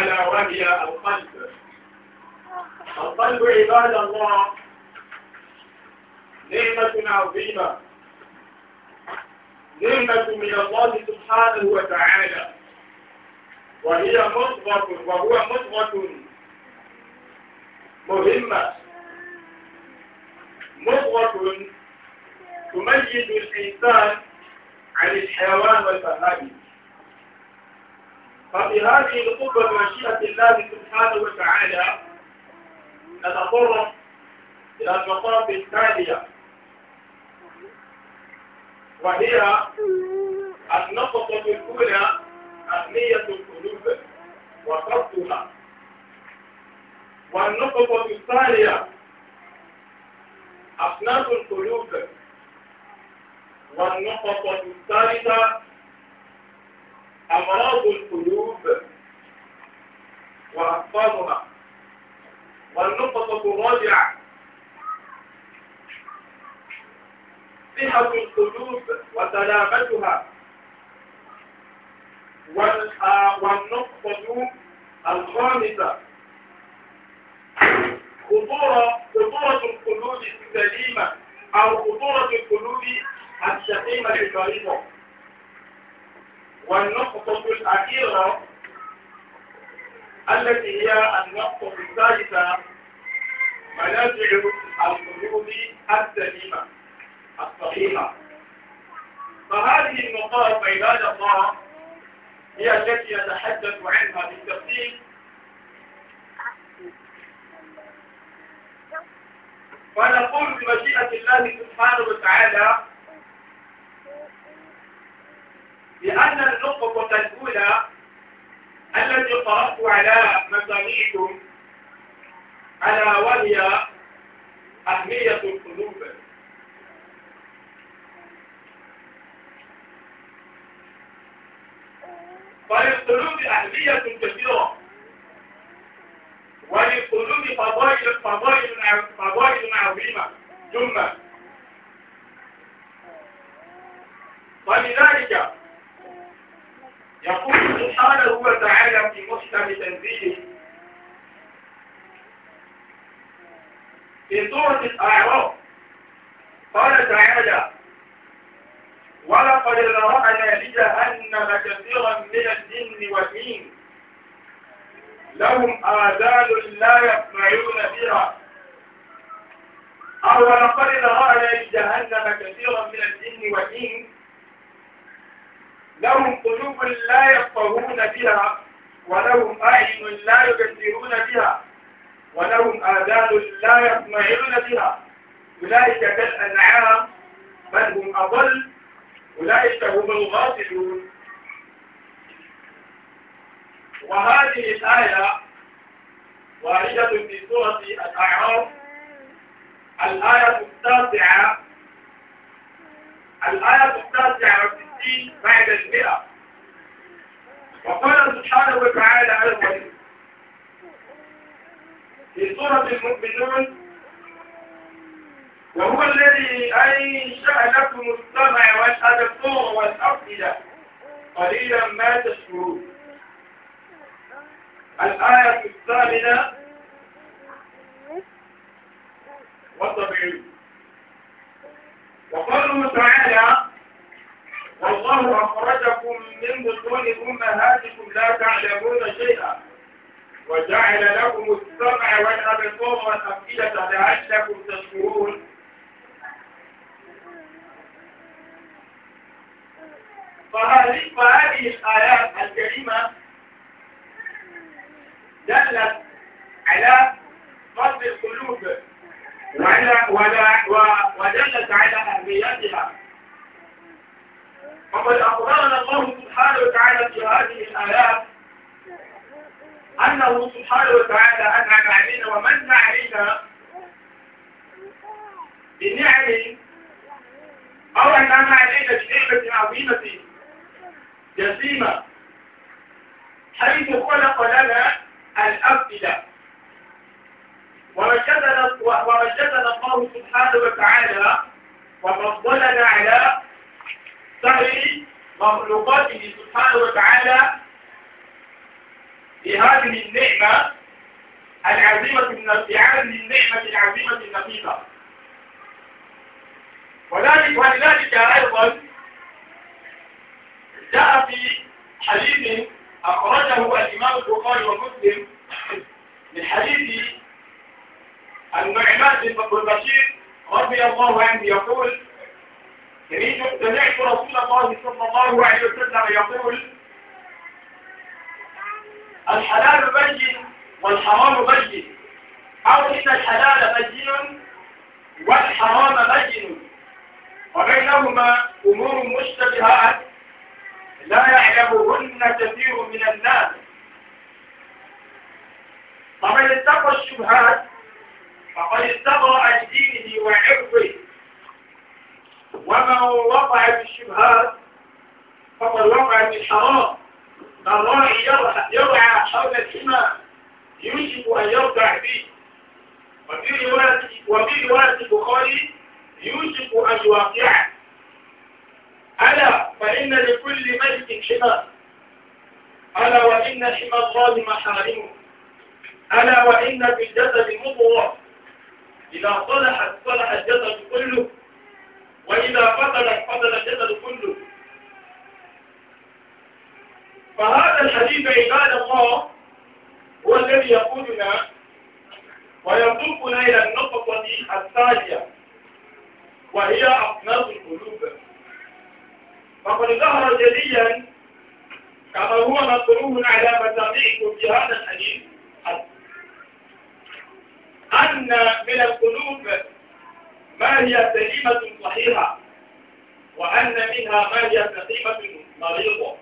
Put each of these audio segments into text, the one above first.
ألا وهي القلب القلب عباد الله نعمة عظيمة نعمة من الله سبحانه وتعالى وهي مصغة وهو مصغة مهمة مصغة تميز الإنسان عن الحيوان والبهائم فبهذه القوة مشيئة الله سبحانه وتعالى نتطرق إلى المطاف التالية وهي النقطة الأولى أهمية القلوب وصرفها والنقطة الثانية أصناف القلوب والنقطة الثالثة أمراض القلوب وأطفالها والنقطة الرابعة صحة القلوب وسلامتها آه، والنقطة الخامسة خطورة خطورة القلوب السليمة أو خطورة القلوب السقيمة الكريمة والنقطة الأخيرة التي هي النقطة الثالثة منازع القلوب السليمة الصحيحة فهذه النقاط عباد الله هي التي يتحدث عنها بالتفصيل ونقول بمشيئة الله سبحانه وتعالى لأن النقطة الأولى التي قرأت على مسامعكم ألا وهي أهمية القلوب فللقلوب أهمية كثيرة وللقلوب فضائل فضائل فضائل عظيمة جمة فلذلك يقول سبحانه وتعالى في محكم تنزيله في سورة الأعراف قال تعالى ولقد ذرأنا لجهنم كثيرا من الجن والإنس لهم آذان لا يسمعون بها أو ولقد ذرأنا لجهنم كثيرا من الجن والإنس لهم قلوب لا يفقهون بها ولهم أعين لا يبصرون بها ولهم آذان لا يسمعون بها أولئك كالأنعام بل هم أضل أولئك هم الغافلون وهذه الآية واردة في سورة الأعراف الآية التاسعة الآية التاسعة في في بعد المئة وقال سبحانه وتعالى أول في سورة المؤمنون وهو الذي أنشأ لكم السمع والأبصار والأفئدة قليلا ما تشكرون الآية الثامنة والسبعين وقوله تعالى والله أخرجكم من بطون أمهاتكم لا تعلمون شيئا وجعل لكم السمع والأبصار والأفئدة لعلكم تشكرون فهذه الآيات الكريمة دلت على قلب القلوب وعلى ودلت على أهميتها وقد أخبرنا الله سبحانه وتعالى في هذه الآيات أنه سبحانه وتعالى أنعم علينا ومن علينا بنعم أو أنعم علينا بنعمة عظيمة جسيمة حيث خلق لنا الأفئدة ومجدنا الله سبحانه وتعالى وفضلنا على سهر مخلوقاته سبحانه وتعالى بهذه النعمة العظيمة بعالم النعمة العظيمة النقيقة ولذلك ولذلك أيضا جاء في حديث أخرجه الإمام البخاري ومسلم من حديث النعمان بن بشير رضي الله عنه يقول يريد سمعت رسول الله صلى الله عليه وسلم يقول الحلال بين والحرام بين أو إن الحلال بين والحرام بين وبينهما أمور مشتبهات لا يعلمهن كثير من الناس فمن اتقى الشبهات فقد استبرأ لدينه وعرضه ومن وقع في الشبهات فقد وقع في الحرام الراعي يرعى حول الحمى يوشك أن يرجع به وفي رواية البخاري يوشك أن يوقعه ألا فإن لكل ملك حمى ألا وإن حمى الله محارمه ألا وإن في الجسد مضغة إذا صلحت صلح الجسد كله وإذا فصلت فصل الجسد كله فهذا الحديث عباد الله هو الذي يقودنا ويطلقنا إلى النقطة الثانية وهي أقناص القلوب فقد ظهر جليا كما هو مطروح على مسامعكم في هذا الحديث أن من القلوب ما هي سليمة صحيحة وأن منها ما هي سقيمة مريضة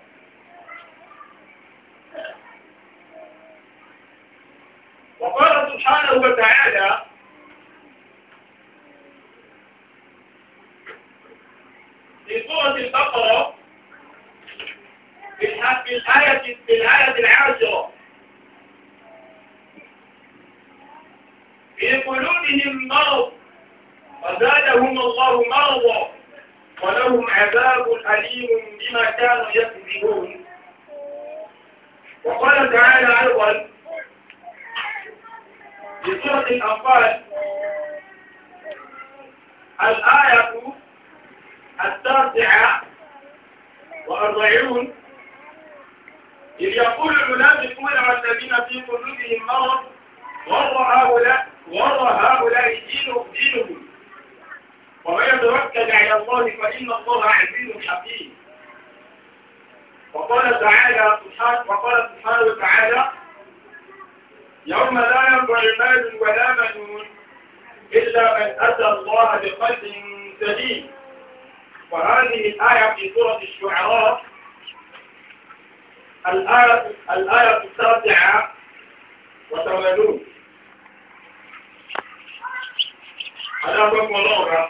وقال سبحانه وتعالى في سورة البقرة في الآية في الآية العاشرة في قلوبهم مرض وزادهم الله مرضا ولهم عذاب أليم بما كانوا يكذبون وقال تعالى أيضا في سورة الأنفال الآية التاسعة وأربعون إذ يقول المنافقون والذين في قلوبهم مرض غر هؤلاء غر هؤلاء دينهم دينهم ومن يتوكل على الله فإن الله عزيز حكيم وقال تعالى وقال سبحانه وتعالى يوم لا ينفع مال ولا منون إلا من أتى الله بقلب سليم وهذه الآية في سورة الشعراء الآية الآية التاسعة وثمانون هذا هو الله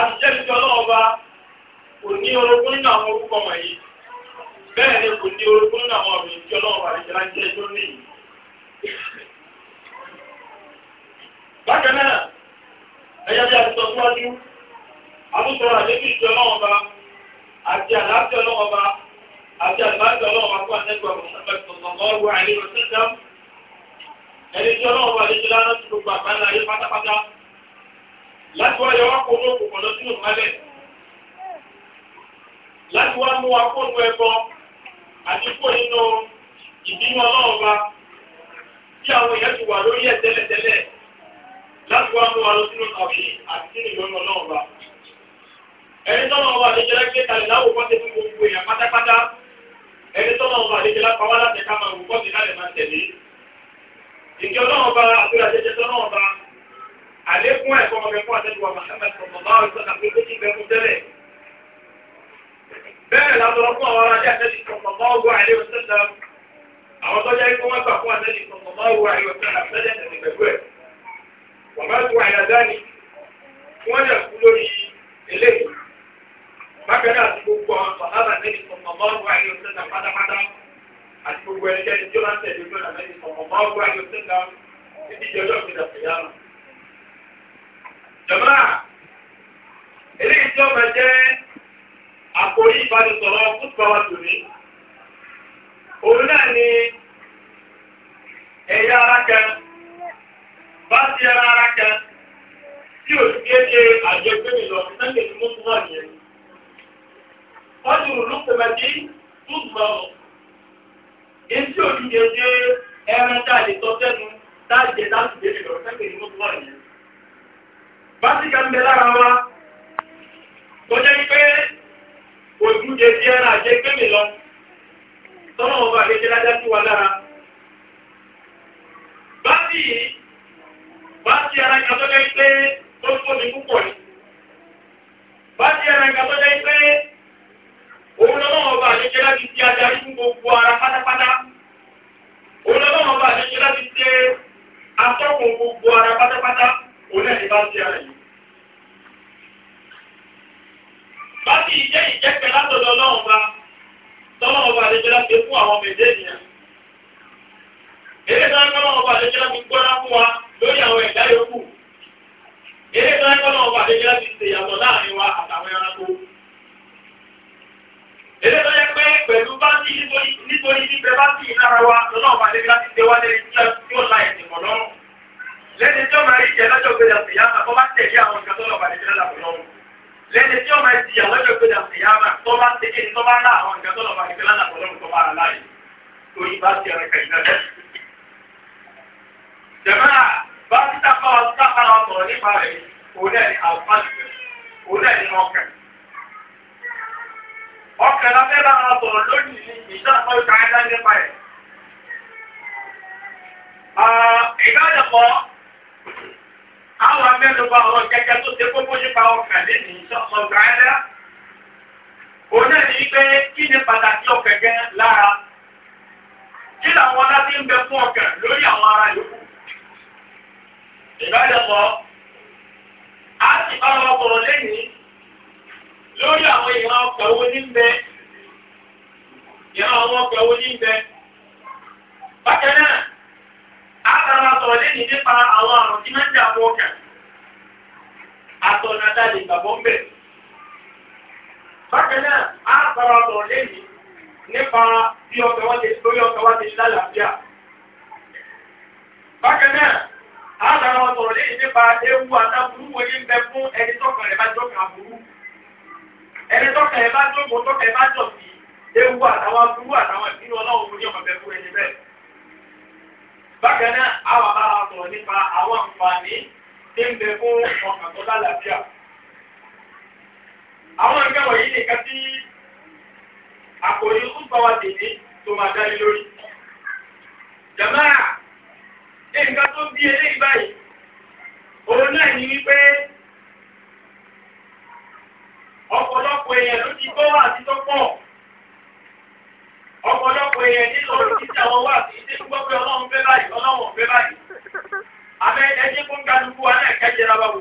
àtijọ́sí ọlọ́ọ̀ba kò ní orogún nínú àwọn orúkọ wọ̀nyí bẹ́ẹ̀ ni kò ní orogún nínú àwọn ọ̀rọ̀ ìjọ ọlọ́ọ̀ba ìjọba ní. bákan náà ẹ̀yà bí a ti sọ síwájú àbúsọ̀rọ̀ àdébí ìjọ ọlọ́ọ̀ba àti àti fún láti wá yọ wá kó ní òkùnkùn lọ sínú ìmọ́lẹ̀ láti wá mú wa kó nu ẹbọ àti kó nínú ìbínú ọlọ́run wa tí àwọn èèyàn ti wà lórí ẹ̀ tẹ́lẹ̀tẹ́lẹ̀ láti wá mú wa lọ sínú tàbí àti sínú ìlú ọlọ́run wa ẹni tọ́nà ọba àdéjẹ́lẹ́ gbé kalẹ̀ láwò kọ́tẹ́ fún gbogbo èèyàn pátápátá ẹni tọ́nà ọba àdéjẹ́lẹ́ pàwọ́ láti ká máa wù kọ́tẹ́ lálẹ́ máa tẹ̀lé ìkẹ́ ọlọ́run ọba àti àlékún ẹ̀kọ́ ọmọ ẹ̀kọ́ àtẹ́jùwà Muhammad sallallahu alaihi wasallam pé méjì bẹ́ẹ̀ fún tẹ́lẹ̀. bẹ́ẹ̀ lásọ̀rọ̀ fún àwọn aráàlú àtẹ́jù sallallahu alaihi wasallam àwọn tọ́jà ikú wọn gbà fún àtẹ́jù sallallahu alaihi wasallam tẹ́lẹ̀ tẹ̀lẹ̀ pẹ̀lú ẹ̀. wàbá tó àyàdáni wọ́n yà kú lórí eléyìí. bákan náà àti gbogbo àwọn sọ̀hábà àtẹ́jù sallallahu alaihi wasallam pátápátá àti gbogbo ẹnikẹ́ni tí ó tẹ̀lé ojú ọ̀nà àtẹ́jù sallallahu alaihi ọjọ́ ìgbìdàpọ̀ yára jọba eléyìí tí ọba jẹ́ àkórí ìbánisọ̀rọ̀ fúnpá tòní òun náà ni ẹ̀yà ara kan bá ti ara ara kan tí o ti gbé ṣe àjọ ìgbéni lọ nígbà tí mo tún wà nìyẹn. wọ́n ti rùn lópemẹ́tì tún lọ. èsì òjijì ṣe ẹran tá a lè tọ́ sẹ́nu tá a jẹ tá a sì gbé lọ nígbà tí mo tún wà nìyẹn básíkà ń bẹ lára wa tó jẹ́ pé ojú jẹ bí ẹran àjẹ gbé mi lọ tọ́nà ọba àlejò lájá sí wa lára básì básì ara kan tó jẹ́ pé ó tóbi púpọ̀ ni básì ara kan tó jẹ́ pé òun lọ́wọ́ ọba àlejò láti di adarí fún gbogbo ara pátápátá òun lọ́wọ́ ọba àlejò láti di atọ́kùn gbogbo ara pátápátá òun náà ní bá ń ṣe ara jẹ́ ìjẹ́pẹ̀ látọ̀dọ̀ ọlọ́run bá tọ́lọ́run bá àlejò láti fún àwọn méje ènìyàn. Èyí tán tọ́lọ́run bá láti gbọ́dá fún wa lórí àwọn ẹ̀dá yòókù. Èyí tán tọ́lọ́run bá àlejò láti ṣèyàtọ̀ láàrin wa àtàwọn ẹranko. Èyí tán yẹ pé pẹ̀lú báńkì nítorí níbẹ̀ báńkì ìnára wa tọ́lọ́run bá àlejò láti ṣe wá lẹ́ni tí ó la ẹ̀sìn Lẹ́ni tó máa rí ìjẹ́ lọ́jọ́ gbé lẹ́ni tí ó máa di àwọn ẹjọ́ gbé dàpọ̀ ìyá bá tó bá ti kéde tó bá rà àwọn ìgbà tó lọ bá ìgbà lánàá pọ̀lọ́mù tó bá rà láàyè torí bá ti ẹ̀rẹ̀ kẹ̀yìn náà. jẹ̀mẹ́rà bá ti tàpá ọ tàpá ọ sọ̀rọ̀ nípa rẹ̀ òun náà ni àwòfáàlì òun náà ni ọkàn. ọkàn lábẹ́ bá wọn sọ̀rọ̀ lónìí ní ìṣàkóso káyọ̀dá àwọn amẹ́nuba ọ̀rọ̀ kẹ́kẹ́ tó ṣe kókó nípa ọkàn lẹ́nu ìṣọ́sọ gbàẹ́lá. òun náà ní pé kí ni pàtàkì ọkàn gẹ́ lára kí làwọn ọlá ti ń bẹ fún ọkàn lórí àwọn ará yòókù. ìbálòpọ̀ a sì bá wọn bọ̀rọ̀ lẹ́yìn lórí àwọn ìran ọkàn owó ní bẹ ìran àwọn ọkàn owó ní bẹ. bákan náà a sábà sọ̀rọ̀ lẹ́yìn nípa àwọn àrùn tí máa ń dààmú ọkàn lè gbàgbọ́ ń bẹ̀. bákan náà á sọ̀rọ̀ ọ̀rọ̀ lẹ́yìn nípa bí ọkọ̀ wá ti lórí ọkọ̀ wá ti lálàáfíà. bákan náà á sọ̀rọ̀ ọ̀rọ̀ lẹ́yìn nípa ewu àtàbùrú wo ní bẹ fún ẹni tọkàn rẹ̀ bá jókòó àbúrú. ẹni tọkàn rẹ̀ bá jókòó tọkàn rẹ̀ bá jọ̀ sí ewu àtàwọn aburú àtàwọn ìpínlẹ̀ ọlọ́run ní ọ̀bẹ fún ẹni bẹ́ẹ̀. bákan náà á wà bá wa sọ̀rọ̀ nípa àwọn àǹfààní tí ń bẹ fún ọkàn tó lálàáfíà àwọn nǹkan wọ̀nyí nìkan tí àkòrí ń bá wa tètè tó máa dálé lórí. jàmáà nǹkan tó bí eléyìí báyìí òun náà ní wípé ọ̀pọ̀lọpọ̀ èèyàn ló ti gbọ́ wà sí tó pọ̀ ọ̀pọ̀lọpọ̀ èèyàn nílò títí àwọn wà sí ilé gbọ́ pé ọlọ́run fẹ́ báyìí ọlọ́run fẹ́ báyìí abẹ́ ẹjẹ́ kó kálukú wa náà kẹ́jẹ́ rábà wò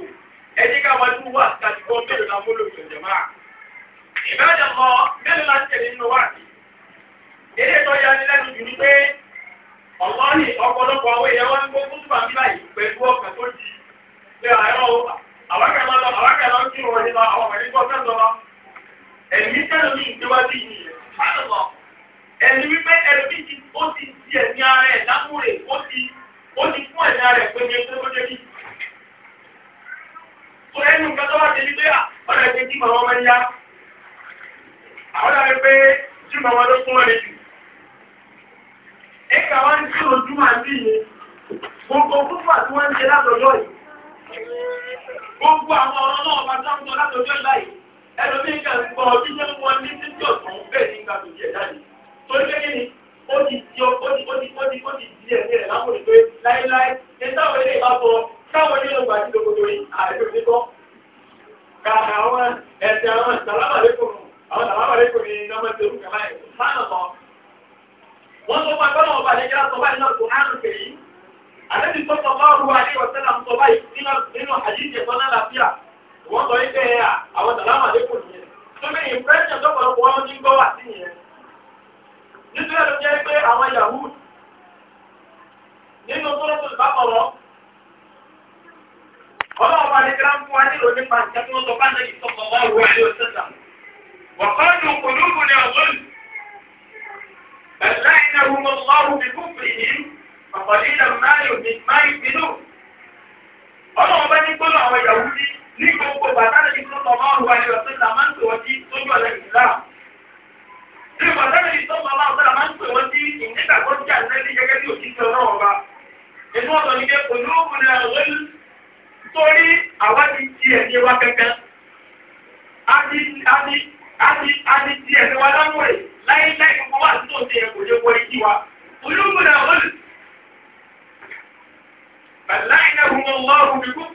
ẹjí ká máa dún wá àti bọ́ mélòó la múlò ìjọ̀jọ̀ máa. ìbárajà mọ mélòó la tẹ̀lé nínú wá àti. eré tó yá ni lẹ́nu jù ní pé ọ̀gbọ́n ní ọ̀pọ̀lọpọ̀ àwọn èèyàn wọn ń gbó fún tùbà bí báyìí pẹ̀lú ọkàn tó di pé àárọ̀ àwákàlọ́ àwákàlọ́ ń kírun ọdún lọ àwọn ọmọdé gbọ́ fẹ́ lọ. ẹ̀mí tẹ́lẹ̀ mi ẹni wípé ẹlòmí ti ó ti di ẹ̀mí ara ẹ̀ lámúre ó ti ó ti fún ẹ̀mí ara ẹ̀ pé ní ẹgbẹ́ tó jẹ́ kí tó ẹnu nǹkan tó ah, ẹgbẹ́ tí màwọn ń yá àwọn àrẹ pé tí màwọn ló jù tí bí yẹn gbogbo fúnfà tí wọ́n ń ṣe látọjọ́ yìí gbogbo àwọn ọ̀rọ̀ náà bá látọjọ́ láì gbọ́ ọdún wọn ní títí ọ̀sán bẹ́ẹ̀ ní jáde torí pé káwọn nínú ìgbà tí lókoto yìí àìsí òtítọ́ ka àwọn ẹ̀sìn àwọn sàlámàlékò àwọn sàlámàlékò ní nọ́mọ́tò orúkọ láì sáànà lọ. wọ́n tó máa gbọ́dọ̀ ọba àlejò àtọ́ báyìí náà kò hánù kèyí àlejò tó sọ bá ọrùn àlejò ọ̀sẹ̀ náà sọ báyìí nínú àyíjẹ tó náà láfíà wọ́n sọ wípé àwọn sàlámàlékò nìyẹn tó bí ìpẹ́sẹ̀ tó pọ̀lọpọ̀ wọn ní gbọ́ wà sí yẹn. nítorí ẹ̀ ló jẹ́ pé àwọn yahoo nínú tó ọlọ́wọ́ bá ní kíláà ń fún wa nílò nípa nǹkan tí wọ́n sọ bá náà yìí sọ̀tọ̀ wọ́n wọ ilé òṣèlú. وقالوا قلوبنا غل بل لعنهم الله بكفرهم فقليلا ما يؤمن ما يؤمنون ọlọ́wọ́ bá ní gbọ́dọ̀ àwọn ìyàwó ní ní gbogbo bàtàlẹ́ ìsọ́tọ̀ máa wà ní ọ̀sẹ̀ là máa ń pè wọ́n sí sójú ọ̀lẹ́ ìlà. ní bàtàlẹ́ ìsọ́tọ̀ máa ọ̀sẹ̀ là máa torí àwa ti di ẹ̀mí wa a ti di ẹ̀mí wa láwọ̀ rẹ̀ láíláí kankan wà tó ṣe ẹ̀kọ́ lé wọ ìdí wa olóògùn náà wọ́n lù. فلعنهم الله بكفرهم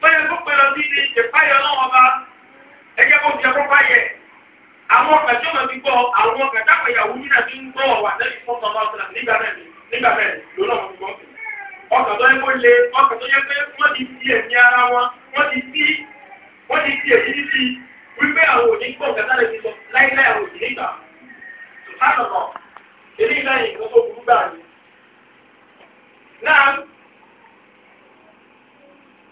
bóyá tó pè lọ sí ibi ìpáyọ̀ náà wọn bá ẹjẹ́ kó fi ẹ̀kọ́ báyẹ̀ àwọn ọkà tí wọn ti gbọ́ àwọn ọkà táwọn ìyàwó yìí náà ti ń gbọ́ ọ̀wà lẹ́yìn fún ọmọ ọ̀sán nígbà mẹ́rin nígbà mẹ́rin lónà wọn ti gbọ́ ọkà tó yẹ kó le ọkà tó yẹ pé wọ́n ti fi ẹ̀mí ara wọn wọ́n ti fi wọ́n ti fi èyí sí wípé àwọn òní gbọ́ ọ̀gá sáré ti sọ láíláí àwọn òní nígbà sùpárọ̀ náà eléyìí láyìn ìgbọ́ tó burú gbà ní. náà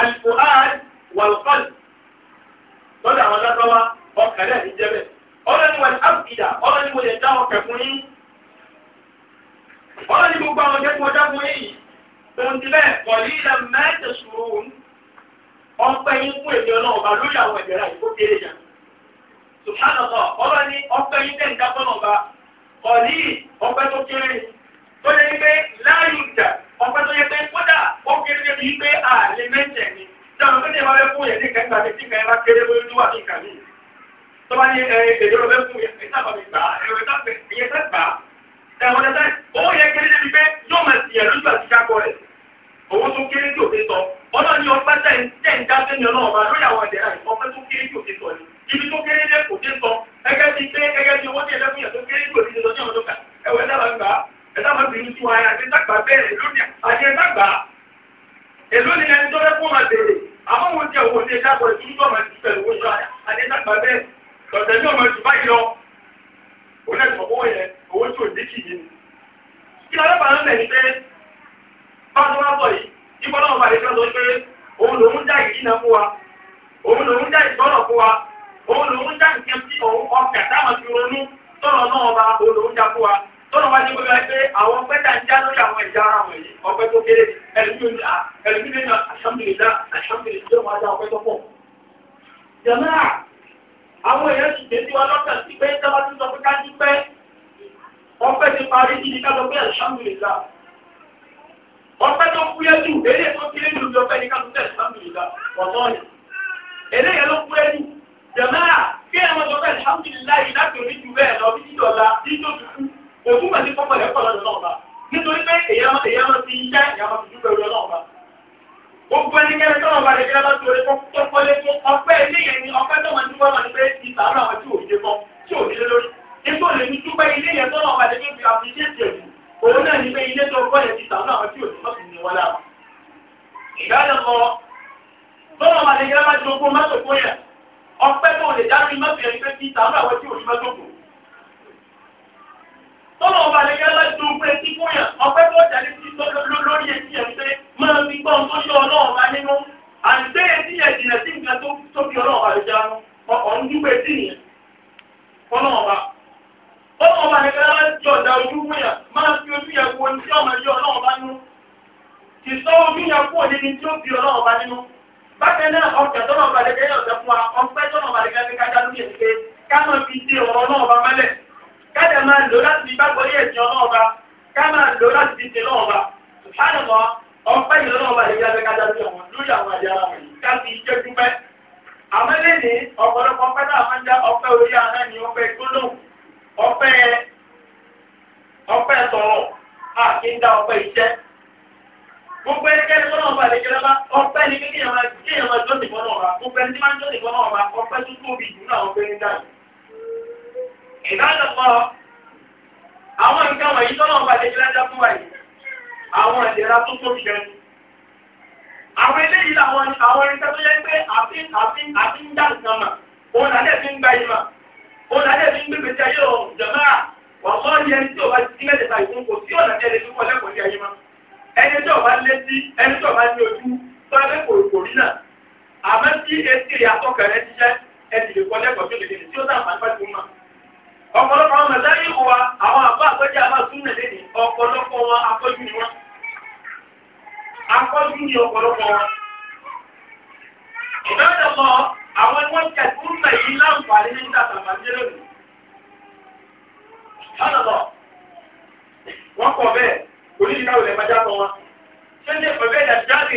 al-fu'ad wal-qalb lọ́dọ̀ àwọn lágbáwá ọkàn náà ní jẹ́bẹ̀ ọlọ́ni wọn àbùdá ọlọ́ni wọn lè dá ọkàn fún yín ọlọ́ni gbogbo àwọn ọjọ́ tí wọ́n dá fún yín yìí tòun ti bẹ́ẹ̀ kọ̀lí ilẹ̀ mẹ́tẹ̀ sùúrù ọpẹ́ yín fún èdè ọlọ́run ọba lórí àwọn ẹ̀jẹ̀ rẹ̀ kó kéré jà subhanallah ọlọ́ni ọpẹ́ yín tẹ̀ ń dá fọ́nà kọ̀lí ọpẹ́ tó kéré tó lè gbé láyùjá ọpẹ́ tó yẹ pé kódà ó kéré débi pé ààrẹ mẹ́jẹ̀ ni dáwọn tó ní ìwà fẹ́ fún èdè kẹta àti tí kẹta kéré lórí tó wà ní ìkàlẹ̀ yìí tó bá ní èdè ọ̀fẹ́ fún ìtàkùn ìgbà ẹ̀rọ ìtàkùn ìyẹn tẹ́ ojú ni ọ̀pọ̀lọpọ̀ wọn. ìdájọ́ lọ àwọn ẹgbẹ́ kẹ̀kún mẹ̀ yìí láǹfààní ní ìdàgbàgbà nílẹ̀ mi. ìdájọ́ lọ wọ́n kọ̀ bẹ́ẹ̀ oníṣìí káwé lẹ́ẹ̀ bájá kan wọn. ṣé ní ẹ̀fọ́ bẹ́ẹ̀ dàbí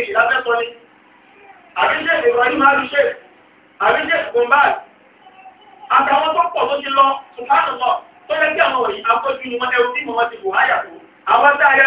tó pọ̀ tó ti lọ ṣùgbọ́n àlọ́ tó yẹ kí àwọn òyìn afọ́jú ni wọ́n ẹrú tí mo wọ́n ti bù háyà àwọn tá a yá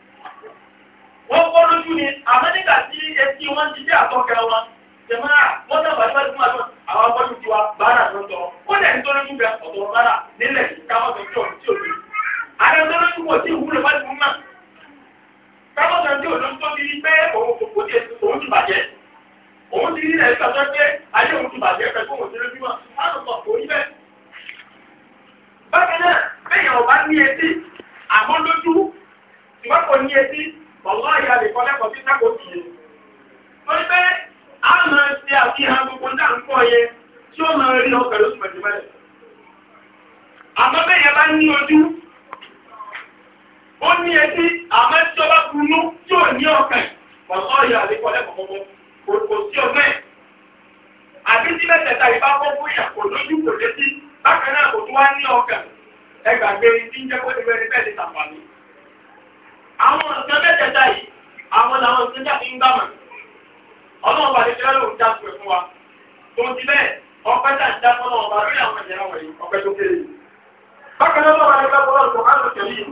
wọ́n kọ́ lójú ni àmọ́ nígbà tí etí wọn ti dé àtọ́kẹ́ wọn jẹ̀mọ́ à wọ́n náà bá nípa ìfúnmá náà àwọn abọ́jú tiwa bára ló ń tọ́ ó dẹ̀ ń tọ́ lójú bẹ ọ̀tọ̀ bára nílẹ̀ táwọn tó ń tọ́ tí ò lè. àrẹ tó lójú kò tí ìwúlò bá ti mú náà táwọn tó ń tọ́ ló ń tọ́ bí pé òun kò kó tiẹ̀ òun ti bàjẹ́ òun ti rí rẹ̀ nígbà tó pé ayé òun ti bàjẹ́ pẹ̀lú òun ti lójú mọ́ á lọ sọ òun bẹ́ẹ̀. bákan náà bẹ́ẹ̀ Bọ̀wọ́ ìyá lè kọ́ lẹ́kọ̀ọ́ sí tákò sí yẹn. Torí pé a máa ṣe àfihàn gbogbo ní àǹkọ́ yẹn tí ó máa rí ọkọ̀ lóṣù mẹ̀tìmẹ́lẹ̀. Àmọ́ bẹ́ẹ̀ yẹn bá ní ojú, ó ní etí àmọ́ tí ó bá kunú tí ò ní ọkàn. Bọ̀wọ́ ìyá lè kọ́ lẹ́kọ̀ọ́ kọ́kọ́ kò sí ọgbẹ́. Àbí tí mẹ́tẹ̀ẹ̀ta ìbá kọ́ fún ìyà kò lójú kò létí, bákan náà kò tún wá ní ọkàn. Ẹ gbàgbé ní jẹ́ kó ti bẹ́ẹ̀ àwọn nǹkan mẹ́tẹ̀ẹ̀ta yìí àwọn làwọn nǹkan jáde ń gbàmọ̀ ọlọ́run bàdé tí lọ́lọ́run já pè fún wa tó ti bẹ́ẹ̀ ọpẹ́ tá ń já fún ọlọ́run bá rí àwọn ìyẹn wọ̀nyí ọpẹ́ tó kéré bákan náà lọ́wọ́ àdéhùn ọlọ́run tó hàn lókè yìí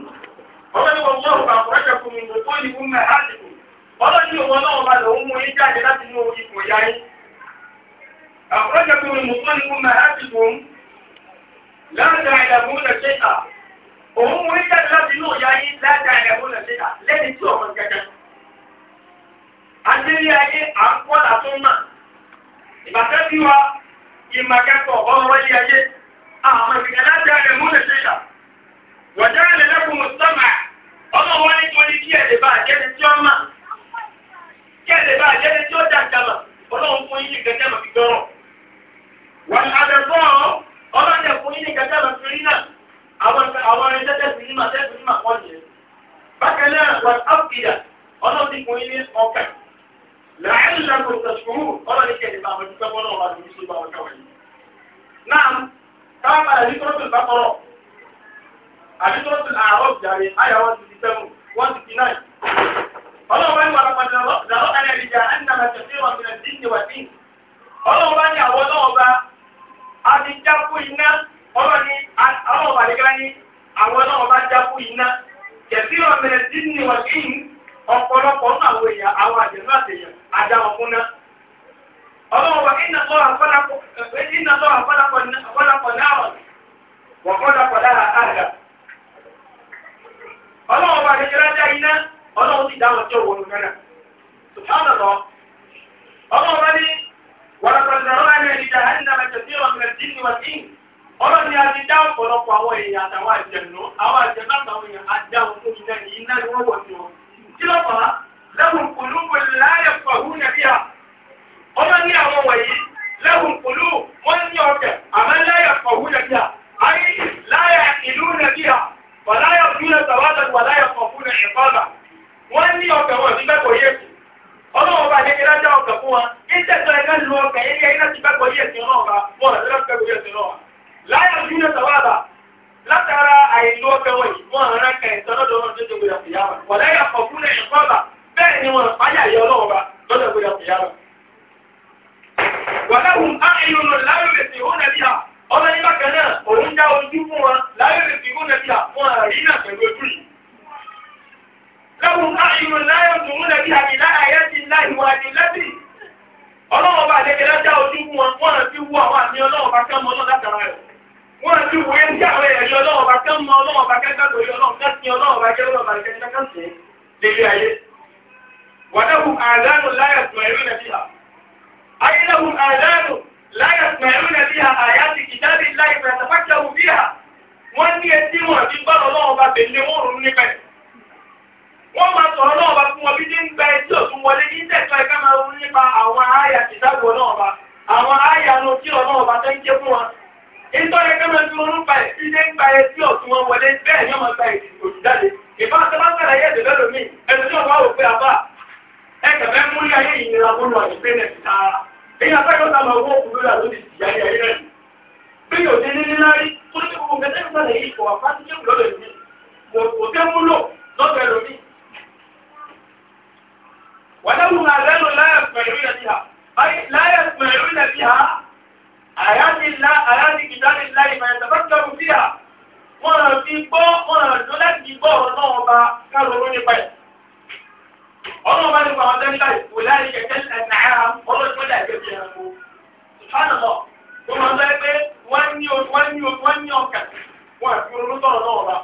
ọlọ́run ni wọ́n mú ọ̀rọ̀ àkùrẹ́jọ fún mi tó ní mẹ́ àdìgbò ọlọ́run ni wọ́n náà bá lòun òun mú ìjà láti inú ìyá yín láti àyẹ̀ mú lẹ̀ síta lẹ́ni tí ọmọ ayé à ń kọ́ là tó mà. Ìbàtẹ́ bí wa ìmọ̀ kẹ́kọ̀ọ́ ọ̀rọ̀ wáyé ayé àwọn ìgbìyànjú láti àyẹ̀ mú lẹ̀ síta. Wọ̀jẹ́ rẹ̀ lẹ́kùn kí bá tí ó mà. Kí bá tí ó ọlọ́run fún yín àwọn ẹ̀jẹ̀ tẹ̀sí nímà tẹ̀sí nímà wọ́n yẹn. bákan náà wà áfíà ọlọ́dínkùn yín ní ọkà làálùlá kò tẹ̀sùrù ọlọ́dínkẹ́ ní bá àwọn ìdúpẹ́ bọ́lá wà ní ìṣòwò àwọn káwọn yìí. náà káwọn padà ní kọ́lọ́tù ìbákọ́rọ̀ àbí kọ́lọ́tù àárọ̀ jàre ayáwó ti di sẹ́wọ̀n one sixty nine. ọlọ́run bá ní wàlá padà lọ́ọ́ alẹ́ ìjà ẹ̀ńdàmà tẹ̀síwọ̀n ọlọ́run bá ní àwọn ọlọ́run bá a ti já fún iná ọlọ́run ní ọlọ́ọ̀bà ní kíláyé àwọn ọlọ́ọ̀bà jákú iná kẹ̀sí ọ̀mẹ̀rẹ̀ tí ní wọ́n kí ń ọ̀pọ̀lọpọ̀ nínú àwọn èèyàn àwọn àjẹ̀nú àtẹ̀yàn ajá wọn fún ná. ọlọ́ọ̀bà iná lọ́ àfọ́lápọ̀ náà wọ̀kọ́lápọ̀ lára àgà. ọlọ́ọ̀bà ní kíláyé iná ọlọ́ọ̀ ti dáwọn tí ó wọnú náà. subhanallah ọlọ́ọ̀bà ní wàlàkọ̀ọ̀dàrọ̀ ọlọ́ni a ti dá ọ̀pọ̀lọpọ̀ àwọn èèyàn àtàwọn àjẹ̀nú àwọn àjẹ̀nú àtàwọn èèyàn adáhùn fún iná ní iná ni wọ́n wọ̀ sí wọn. kí ló fà á lẹ́hùn kùlùkù láyé pàhùn nàbí à ọlọ́ni àwọn wọ̀nyí lẹ́hùn kùlù wọ́n ní ọ̀kẹ́ àmọ́ láyé pàhùn nàbí à ayé láyé ìlú nàbí à wàláyà fúnlẹ̀ tàwátà wàláyà pàhùn nà ìfọ́nà láyà júlọ sàwádà látara àìlú ọbẹ̀ wọn ìwọ̀n ara ka ẹ̀sán lọ́dọ̀ wọn tó dẹ̀gbẹ̀dà fìyàwó wọ̀lá yà kọ̀ fún ẹ̀yìn kọ́ba bẹ́ẹ̀ ni wọn fàyà yọ ọlọ́wọ́ bá lọ́dọ̀ gbẹ̀dà fìyàwó. wọ̀lá wù áyùn lọ láyò lè fi hó nàbí à ọmọ ní bákan náà òun dá ojú fún wọn láyò lè fi hó nàbí à wọn àrí náà pẹ̀lú ojú yìí. lọ́wọ́ áyùn lọ láyò ọlọ́run bá jẹ́ ọlọ́run bá jẹ́ nǹkan sí délé ayé. Wàdáhùn àdánù láyà tùmẹ̀rún nàbí ha. Ayélujáhùn àdánù láyà tùmẹ̀rún nàbí ha àyà ti kìtàbí láì fẹ̀sàfàkì ọ̀hún bí ha. Wọ́n ní etí wọn ti gbọ́ ọlọ́run bá bèèrè wọn rún àwọn àyà ló kí ọlọ́run bá tẹ́ ń jẹ́ fún wọn ìtọ́lẹ̀ kẹ́mọ̀ tí wọ́n ń pa ẹ̀sí ilé ń pa ẹ̀sí ọ̀tún wọn wọlé bẹ́ẹ̀ ni ọmọ gba ìdìbò jáde ìbá sọ́bá sára yẹ́ ẹ̀dẹ̀ lọ́dọ̀ mí ẹni tí ọba òfin àbá ẹ̀kẹ̀ fẹ́ mú ní ayé ìnira kó lọ ìgbé nẹ̀ sí tààrà èyí afẹ́rẹ́ ọ̀tá lọ owó òkú lórí àlódì ìyá ní ayé rẹ̀ bí yóò dé ní nílá rí kó ní gbogbo kẹtẹ́ nípa lè yí kò wà fásitì jẹ́ lọ́dọ̀ mi kò tẹ́ mú lò lọ́dọ̀ ẹlòmí. wàlẹ́ wù àyájí ńlá àyájí kìtàbí ńlá ìmọ̀ ìtàbátàrù sí wọ́n rán sí gbọ́ wọ́n rán tó láti gbọ́ ọ̀rọ̀ náà ọba káàrọ̀ nípa ẹ̀ ọ̀nà ọba nípa àwọn láì kẹ̀kẹ́ ẹ̀nà ara fi hàn kó pé wọ́n ní wọ́n ní wọ́n ní ọkà wọ́n àti náà ọba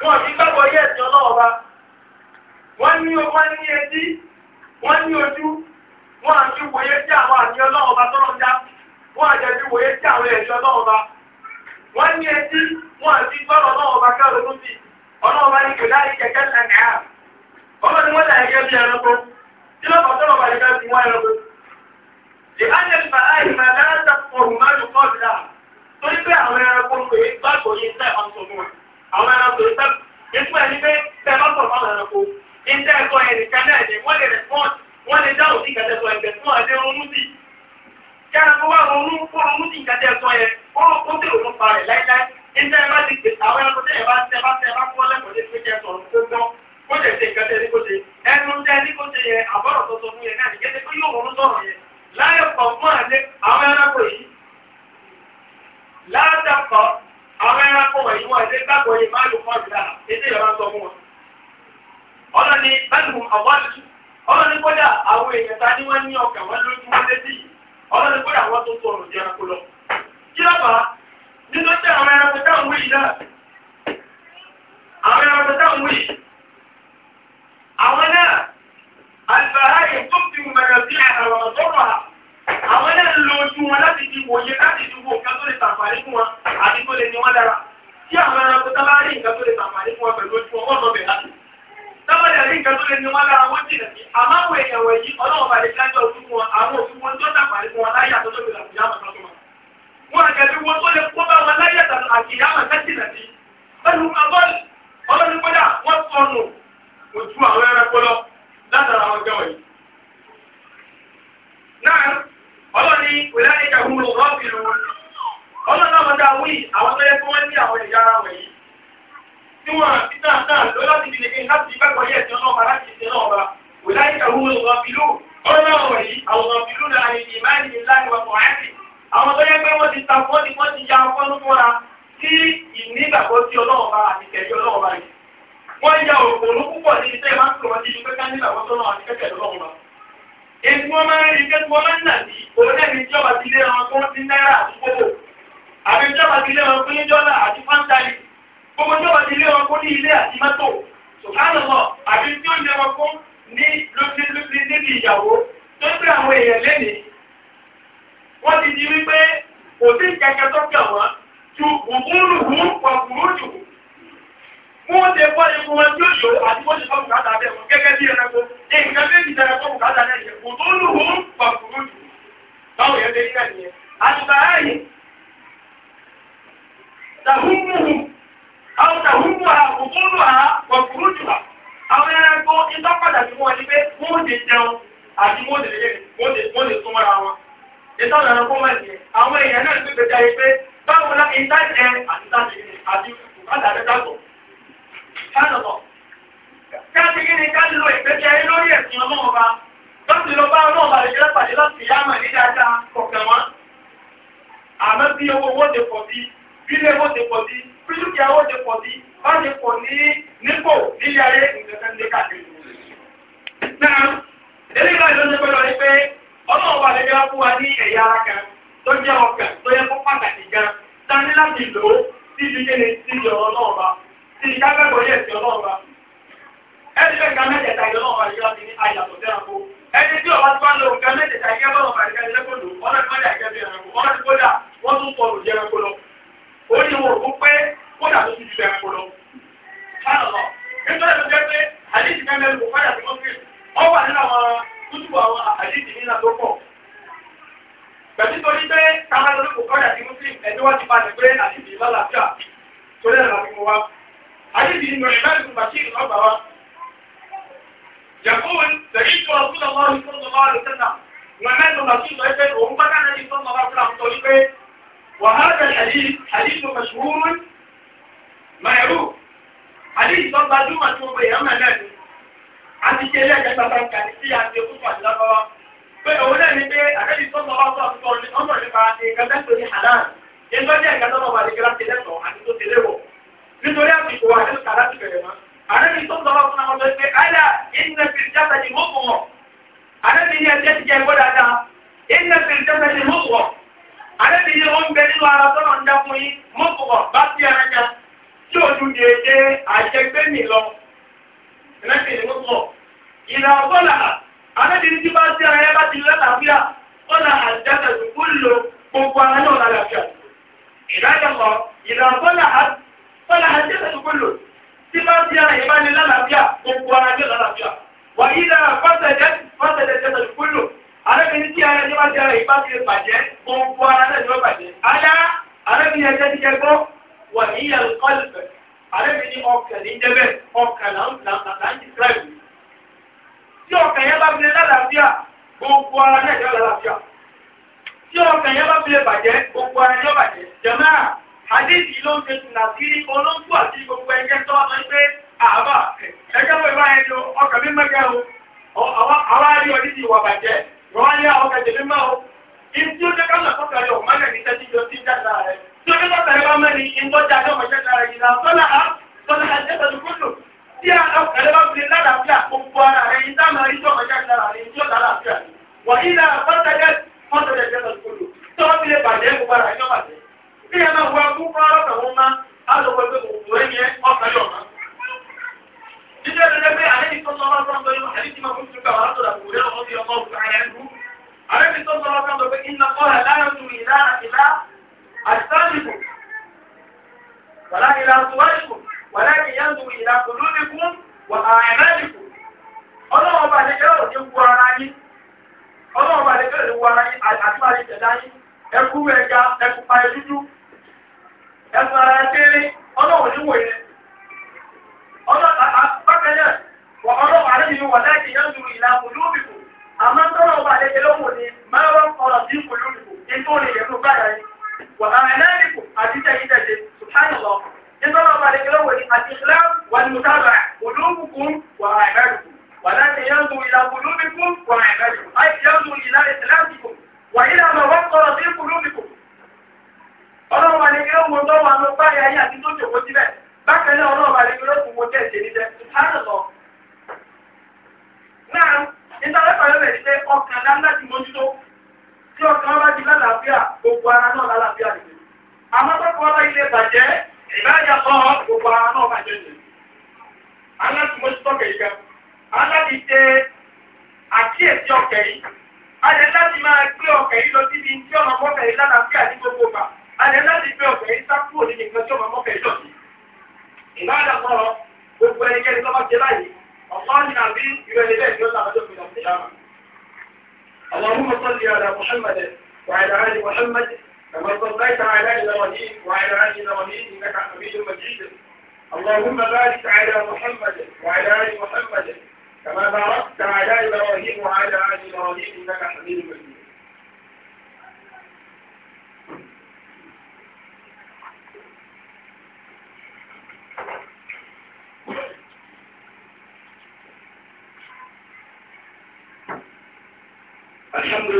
wọ́n àti gbàgbọ́ ẹ̀sìn wọ́n ní wọ́n ní etí wọ́n ní ojú wọ́n àti wòye àwọn àti tọ́lọ́ wọ́n àjẹbí wòye tí àwọn ẹ̀ṣọ́ náà bá wọ́n ní etí wọ́n àti gbọ́dọ̀ náà bá káàdó tó ti ọ̀nà ọba ní kẹlẹ́ àti kẹkẹ́ lẹ́nà á ọmọ ni wọ́n dà gẹ́gẹ́ bí ẹranko tí lọ́kọ̀ tó lọ́ba yìí fẹ́ fi wọ́n ẹranko. ìbáyé ìgbà láì máa dáná ta ọ̀rùn máa lù kọ́ ọ̀dà torí pé àwọn ẹranko ń pè é gbàgbọ́ yìí sẹ́ ọ̀sọ̀ mú ẹ̀ àwọn ẹranko yìí bá sọ̀rọ̀ fáwọn yára tó wà ronú ronú ní ìkàdé ẹ̀sọ́ yẹn wọn kó tèrò ló pa rẹ̀ láíláí níta ẹ bá ti gbèsè àwọn ẹranko tẹ ẹ bá tẹ bá tẹ bá fún ọlẹ́kọ̀ọ́ lé pé kẹ sọ̀rọ̀ tó gbọ́ kó tẹ̀ ṣe nǹkan tẹ ní kó ṣe ẹnu tẹ ní kó ṣe yẹn àbọ̀rọ̀ tó sọ fún yẹn náà nìkẹ́ tẹ pé yóò ronú sọ̀rọ̀ yẹn láyọ̀ pọ̀ fún àlẹ́ àwọn ẹranko yìí látàkọ̀ àwọn ẹranko wọ̀nyí wọn ẹ̀ṣẹ́ gbàgbọ́ yìí máa lò fọ́ọ̀dù náà ètò ìyàrá sọ fún wọn. ọlọ́ni bẹ́ẹ̀ ni àwọn àlùsù ọlọ́ni kọ́dà àwọn èèyàn ta ni wọ́n ní ọkàn wọn lójú wọn létí yìí ọlọ́run kó àwọn tó tọrọ jẹ ẹranko lọ. kí ló fà á nínú tí àwọn ẹranko táwọn wí náà àwọn ẹranko táwọn wí àwọn náà àlùfáàyè tó fi mọ̀ràn sí àwọn ọ̀tọ́rọ̀ à àwọn náà lo ojú wọn láti fi wòye láti fi wo nǹkan tó lè tàǹfààní fún wọn àti tó lè ní wọn dára tí àwọn ẹranko táwọn rí nǹkan tó lè tàǹfààní fún wọn pẹ̀lú ojú wọn wọ́n lọ bẹ̀ láti táwọn ẹ̀rí nǹkan tó lè ní wọn lára wọn jìnà sí àmọ́ àwọn èèyàn wọ̀nyí ọlọ́wọ́ balẹ̀ kájọ òfin wọn àwọn òfin wọn tó dàgbàrí wọn láyé àtọ́jọ́ ìlànà ìyá àmọ́ tó wọn àgẹ̀bí wọn tó lè kó bá wọn láyé àtàkì ìyá àmọ́ tẹ́sí nà sí pẹ̀lú abọ́ọ̀lù wọ́n máa ń nà sí orílẹ̀-èdè ìjọba ti lé wọn fún ti náírà àti kókò àbí ìjọba ti lé wọn fún ní dọ́là àti fáńtálì gbogbo ìjọba ti lé wọn fún ní ilé àti mọ́tò ṣùgbọ́n àbí tí ó lé wọn fún ní lóṣìlóṣì níbi ìyàwó tó ń pè àwọn èèyàn di wípé kò sí ìkẹ́kẹ́ tó kẹ̀ wọ́n ju òkúrùkú pọ̀ kúrú jù wọ́n tẹ bọ́ ikú wọn tí ó yọ àti wọ́n ti bọ́ bùkátà bẹ́ẹ̀ wọn gẹ́gẹ́ bí ẹranko nǹkan méjì tẹ̀lé bọ́ bùkátà náà yẹ kò tó lù ú pàkúrú jù báwo yẹn bẹ́ẹ̀ náà nìyẹn àtùgbà ayé tàhúnmùhù àwọn tàhúnmù ha kò tó lù ha pàkúrú jù ha àwọn ẹranko iná pàtàkì wọn ni pé wọ́n ti àti wọ́n ti lè wọ́n ti súnmọ́ ara àti ìtajẹ àti bùkátà Subhanallah. Káàdì kí ni ká lo ìgbésí ayé lórí ẹ̀sìn ọlọ́run bá. Lọ́sìn lọ bá ọlọ́run bá lè jẹ́ pàdé láti yámọ̀ ní dáadáa kọ̀ọ̀kan wọn. Àmọ́ bí owó owó ti pọ̀ sí, bí ilé owó ti pọ̀ sí, bí dúkìá owó ti pọ̀ sí, bá ti pọ̀ ní nípò nílé ayé ìgbésẹ̀ ní káàkiri. Náà, ìdílé ìlànà ló ń pẹ́ lọ ní pé ọlọ́run bá lè jẹ́ fún wa ní ẹ̀yà ara kan tó jẹ́ ọkàn tó yẹ fún pàtàkì gan-an. Dání láti lò ó síbi kí ni síbi ọ̀rọ̀ náà bá tí ìka gbẹ́gbọ̀ yẹ̀ sí ọlọ́run bá. ẹni bẹ́ẹ̀ ká mẹ́tẹ̀ẹ̀ta yọ náà wà ní láti ní àyàtọ̀ sẹ́ranko. ẹni tí ọba tí wọ́n lò ká mẹ́tẹ̀ẹ̀ta yẹ bọ́ọ̀ bá ìka ilé kòlò ọ̀nà tí wọ́n dà ìkẹ́bí ẹranko ọ̀nà tí kódà wọ́n tún pọ̀ lò jẹranko lọ. ó ní wọn ò pé kódà tó ti ju ẹranko lọ. Pẹ̀lú torí pé káwọn olóko kọ́dà ti Mùsùlùmí ẹni wá ti balẹ̀ pé àti ìbí lálàáfíà torí ẹ̀rọ àti mo wá. حديث ابن عباد بن بشير الأربعة يقول سعيد رسول الله صلى الله عليه وسلم ومن نصيب ضيفه وهم فتح النبي صلى الله عليه وسلم طريقه وهذا الحديث حديث مشهور معروف حديث صلى بابا دوما توبا يا مالك عندي كلا جنب بابا كان في عندي قطعة لبابا فأولا نبي أكاد يصوم بابا صلى الله عليه وسلم أمر لبابا كان تسوي حلال إن بابا كان بابا لكرا تلسو حديثو تلسو nítorí àsìkò àdéhùn àdáti bẹ̀rẹ̀ mọ́. Àdébí tó ń sọ fún àwọn ọmọdé pé àyà ìnà fìrìjàta ni mú fún wọn. Àdébí ní ẹjẹ́ ti jẹ ẹgbẹ́ dáadáa. Ìnà fìrìjàta ni mú fún wọn. Àdébí ní wọ́n ń bẹ nínú ara tọ́lọ̀ ń dá fún yín mú fún wọn bá sí ara jà. Tí òdu di èdè àjẹgbé mi lọ. Ìnà fìrìjàta ni mú fún wọn. Ìlà ọ̀gbọ́nà àdébí ti bá sí ara yẹn bá ti lálàáfíà. Ọ̀nà àjàkà ìdúgbò lò gbogbo ara náà lálàáfíà. Ìdájọ́ fọlá àti ẹsẹ̀ gbọ́dọ̀ tí bá ti ara ìbá ní lálàáfíà gbogbo ara jẹ́ lálàáfíà wà yídà fọ́sẹ̀dẹ̀ fọ́sẹ̀dẹ̀ ẹsẹ̀ gbọ́dọ̀ arábìnrin tí ara ìbá ti ara ìbá ti bàjẹ́ gbogbo ara náà ni wọ́n bàjẹ́ alá arábìnrin ẹsẹ̀ ti jẹ gbọ́ wà níyà kọ́lùfẹ̀ arábìnrin ọkàn ní jẹ́bẹ̀ ọkàn là ń describe tí ọkàn yẹn bá fi lálàáfíà gbogbo ara náà ni wọ́n lálàáfíà tí ọkàn yẹn bá fi bàjẹ́ gbogbo ara ni wọ́n bàjẹ́ jẹ̀máà àdéjì ló ń tẹ̀sùn àti olóńgbò àti gbogbo ẹgbẹ́ tó wà máa ń pé àbá ẹgbẹ́ wo ìbá ẹni ọkàn mi mẹ́gẹ́ o àwọn àárí ọdí ti wà bàjẹ́ wọ́n á yá ọkàn tèmi mọ́ o ibi tí ó jẹ́ kánà tọ́ka rẹ̀ ọ̀mọ́ lẹ́ni tẹ́jú yọ sí jáde rẹ̀ tí ó jẹ́ tọ́ka rẹ̀ bá mẹ́ni ìtọ́jà àdéhùn jáde rẹ̀ yìí lásọ́lá á sọ́lá àjẹ́sọ̀dù kúndùn tí ọkàn bá fi lálàáfíà gbogbo ara rẹ̀ yìí dáàmà rí tọ́ka jáde rẹ̀ yìí tí ó lálàáfíà wà ní ìlà fọ́tàjẹ́ fọ́tàjẹ́ jẹ́sọ̀dù kúndùn tọ́ bí na máa wọ ọrụ fún ọlọ́pàá ha máa á lọ pẹ́ pé òkú ẹ̀yẹ ọ̀sán yọ̀ náà. jíjẹ́ lẹ́lẹ́ pé àlẹ́ ìtọ́ sọ ọlọ́pàá ń tọ́jú àdìsí máa fún mi gbà ẹ̀sùn ara kéré ọlọ́run níwò yẹn ọlọ́run bákẹ́lẹ̀ wọ ọlọ́run àrẹ́bí yìí wọ̀ láti yẹn dúró ìlà olóbìbò àmọ́ tọ́lọ̀ ọba àlejò lọ́wọ́ ni mẹ́rọ ọ̀rọ̀ sí ìpò lóbìbò ètò òní yẹn ló báyà yìí wọ àwọn ẹlẹ́rìkò àti tẹ̀yí tẹ̀yẹ subhanallah ìtọ́lọ̀ ọba àlejò lọ́wọ́ ni àti islam wà ní mùtàbà olóbùkún wà àìbẹ́rùkù wà láti yẹn dúró ìlà olóbìkún wà àìbẹ́rùkù ọlọ́run wa ni kí ló mú tó wà ló báyà àti tó jòkó síbẹ̀ bákan náà ọlọ́run wa ni kí ló mú mo tẹ̀ ṣe lọ. náà yóò bẹ̀rẹ̀ pé ọkàn náà láti mójútó tí ọkàn ti lálàáfíà gbogbo ara náà lálàáfíà nìyẹn. àmọ́ tọ́kọ ilé bàjẹ́ ìbáyà sọ gbogbo ara náà bàjẹ́ nìyẹn. aláti mójútó aláti ṣe àkíyèsí ọkẹ̀ yìí. اللهم صل على محمد وعلى آل محمد كما صليت على إبراهيم وعلى آل إبراهيم إنك حميد مجيد اللهم بارك على محمد وعلى آل محمد كما باركت على إبراهيم وعلى آل إبراهيم إنك حميد مجيد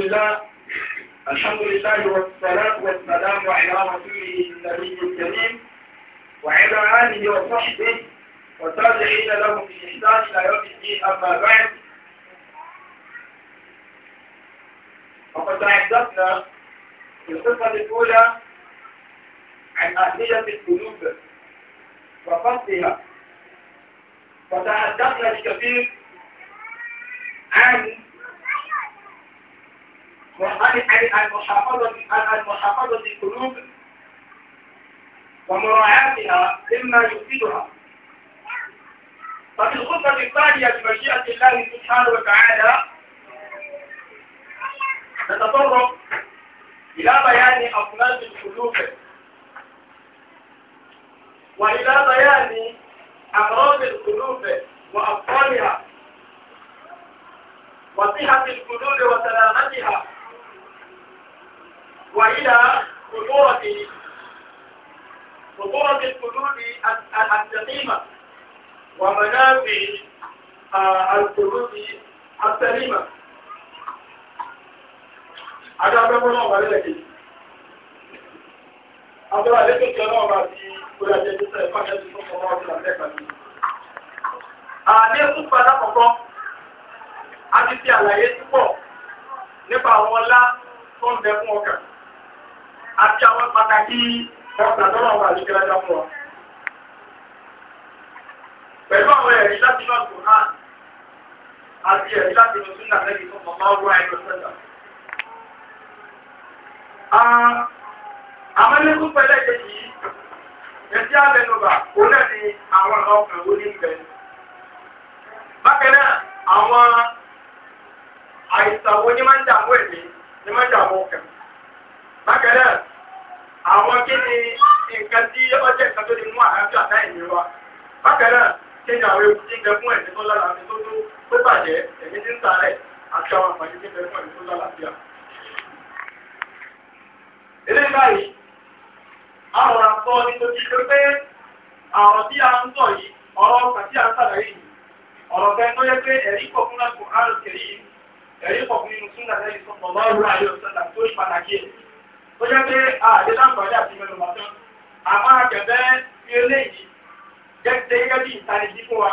لله الحمد لله والصلاة والسلام على رسوله النبي الكريم وعلى آله وصحبه وتابعين لهم إحسان إلى يوم الدين أما بعد وقد تحدثنا في القصة الأولى عن أهلية القلوب وفصلها وتحدثنا بكثير عن المحافظة على المحافظة القلوب ومراعاتها مما يفيدها ففي الخطبة الثانية بمشيئة الله سبحانه وتعالى نتطرق إلى بيان أصناف القلوب وإلى بيان أمراض القلوب وأبطالها وصحة القلوب وسلامتها وإلى خطورة خطورة القلوب السقيمة ومنافع القلوب السليمة adájọ́ fún ọmọ rẹ̀ lẹ́kẹ̀ẹ́ abúlá lẹ́kẹ̀ẹ́ tí ọlọ́ọ̀bá ti kúrò ajẹ́ tó sẹ́ fákẹ́ tó fún ọmọ ọdún àtẹ́kà ní àdéhùn padà kọ̀kọ́ a ti fi àlàyé púpọ̀ nípa àwọn ọlá tó ń bẹ fún ọkàn àti àwọn pàtàkì ọ̀pọ̀lọpọ̀ àwọn àlùkẹ́lájà fún wa. Pẹ̀lú àwọn ẹ̀rí láti náà kò náà àti ẹ̀rí láti lọ sínú àlẹ́ ìfún màmá ọgbọ́n àìlọ́ sẹ́ta. Àmọ́lẹ́kùn pẹ̀lẹ́ kejì yìí, ẹ̀sí àbẹnubà, òun náà ni àwọn ọkàn ó ní ìfẹ́. Bákan náà, àwọn àìsàn wo ni máa ẹ̀mí, ni máa ń bákan náà àwọn kí ni nǹkan tí ọjọ́ ìkan tó lè mú àlàáfíà àtà ìní wa bákan náà kí ni àwọn ewu tí ń bẹ fún ẹ̀mí tó lára àmì tó tó tó bàjẹ́ ẹ̀mí tí ń ta rẹ̀ àti àwọn àpàdé tí ń bẹ fún ẹ̀mí tó lára àfíà. eléyìí báyìí àwọn àpọ̀ nítorí pé pé àwọn tí a ń sọ yìí ọ̀rọ̀ ọkàn tí a ń sàlàyé yìí ọ̀rọ̀ fẹ́ tó yẹ pé ẹ̀rí pọ̀ fún àrùn kẹ̀rí ẹ̀rí pọ̀ fún inú súnà lẹ́yìn sọ̀tọ̀ lọ́rùn ayọ̀ sọ̀tà tó ìpàdàkì ẹ̀ ó jẹ́ pé àdé láǹfààní àti mẹ́nu màtán àmọ́ àgbẹ̀bẹ́ fi eléyìí gẹ́gẹ́ gẹ́gẹ́ bí ìtanijí fún wa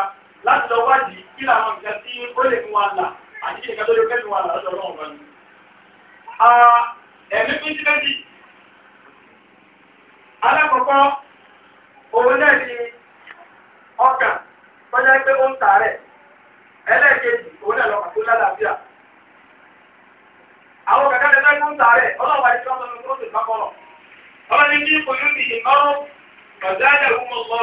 láti lọ wádìí kí làwọn nǹkan tí ó lè mú wa là àti kí nǹkan tó lè kẹ́nu wa là lọ́dọ̀ ọlọ́run wa ni. ẹ̀mí pín sí méjì alákọ̀ọ́kọ́ òun náà ni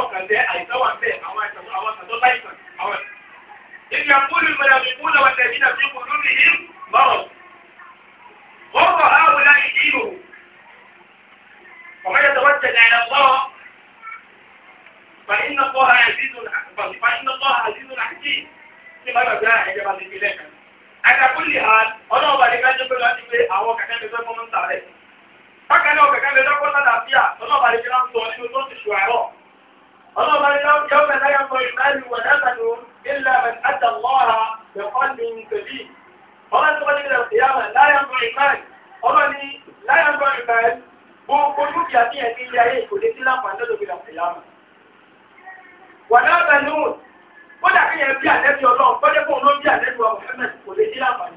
ọkàn tẹ àìsàn wà bẹ́ẹ̀ àwọn àìsàn àwọn àìsàn tó láìsàn àwọn. ìdí àkúlù ìmọ̀lẹ̀ òyìnbó náà wọ́n tẹ̀sí náà fi kù lórí yìí mọ́rọ̀. wọ́n فإن الله عزيز فإن الله عزيز حكيم لما بدا ẹ̀jẹ̀ bá ti fi lẹ́kàn. àtàkùnlé ha ọlọ́ọ̀bà ní kájọ́ pé láti pé àwọn kàkẹ́ mi fẹ́ fọ́nmọ́ ń sàrẹ̀. bákan náà kàkẹ́ mi lọ́kọ́ sádà bíà ọlọ́ọ̀bà ní kí nínú tó ti ṣù àárọ̀ ọlọ́ba yóò fẹ́ láyà fọ ìmáàlú wà lásàdù ilà àtà lọ́ha lẹ́kọ́ọ̀dù tẹ̀lé ọlọ́ tó wọ́n ní ilẹ̀ ìyáwó láyà fọ ìmáàlú ọlọ́ ní láyà fọ ìmáàlú gbogbo dúkìá ní ẹ̀mí ilé ayé kò lè sí láǹfààní lóbi ìlà ìyáwó. wà lásàdù ó dàbí yẹn bí àtẹ́jú ọlọ́run tọ́jú fún un ló bí àtẹ́jú ọmọ ẹ̀mẹ́ kò lè sí láǹfààní